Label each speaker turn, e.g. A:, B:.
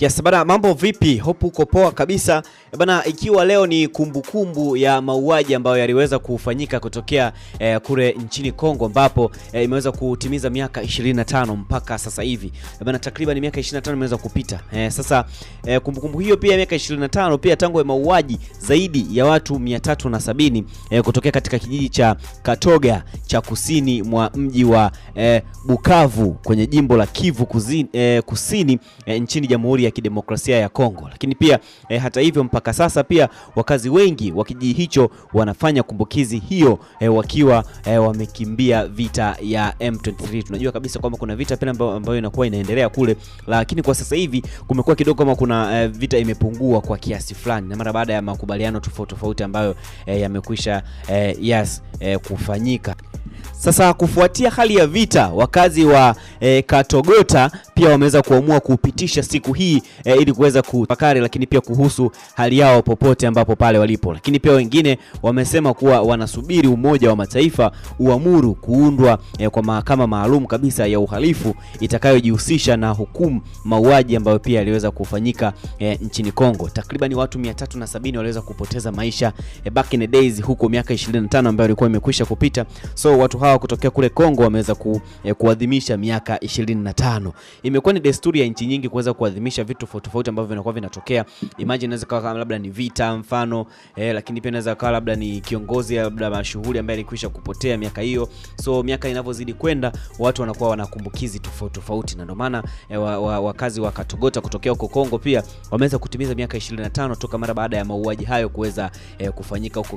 A: Yes, bana mambo vipi? Hope uko poa kabisa. Bana ikiwa leo ni kumbukumbu kumbu ya mauaji ambayo yaliweza kufanyika kutokea e, kule nchini Kongo ambapo e, imeweza kutimiza miaka 25 mpaka sasa hivi. Bana takriban miaka 25 imeweza kupita. E, sasa e, kumbukumbu hiyo pia miaka 25 pia tangu mauaji zaidi ya watu 370 e, kutokea katika kijiji cha Katoga cha kusini mwa mji wa e, Bukavu kwenye jimbo la Kivu kuzini, e, kusini e, nchini Jamhuri ya ya kidemokrasia ya Kongo. Lakini pia eh, hata hivyo mpaka sasa pia wakazi wengi wa kijiji hicho wanafanya kumbukizi hiyo eh, wakiwa eh, wamekimbia vita ya M23. Tunajua kabisa kwamba kuna vita pia ambayo inakuwa inaendelea kule, lakini kwa sasa hivi kumekuwa kidogo kama kuna eh, vita imepungua kwa kiasi fulani, na mara baada ya makubaliano tofauti tofauti ambayo eh, yamekwisha eh, yes, eh, kufanyika. Sasa kufuatia hali ya vita, wakazi wa e, Katogota pia wameweza kuamua kupitisha siku hii e, ili kuweza kutafakari, lakini pia kuhusu hali yao popote ambapo pale walipo. Lakini pia wengine wamesema kuwa wanasubiri Umoja wa Mataifa uamuru kuundwa e, kwa mahakama maalum kabisa ya uhalifu itakayojihusisha na hukumu mauaji ambayo pia yaliweza kufanyika e, nchini Kongo. Takriban watu 370 waliweza kupoteza maisha e, back in the days huko miaka 25 ambayo ilikuwa imekwisha kupita. So watu hawa hawa kutokea kule Kongo wameweza ku, eh, kuadhimisha miaka 25. na tano. Imekuwa ni desturi ya nchi nyingi kuweza kuadhimisha vitu tofauti tofauti ambavyo vinakuwa vinatokea. Imagine inaweza kuwa labda ni vita mfano eh, lakini pia inaweza kuwa labda ni kiongozi labda mashuhuri ambaye alikwisha kupotea miaka hiyo. So miaka inavyozidi kwenda watu wanakuwa wanakumbukizi tofauti tofauti, na ndio maana eh, wakazi wa, wa Katogota kutokea huko Kongo pia wameweza kutimiza miaka 25 toka mara baada ya mauaji hayo kuweza eh, kufanyika huko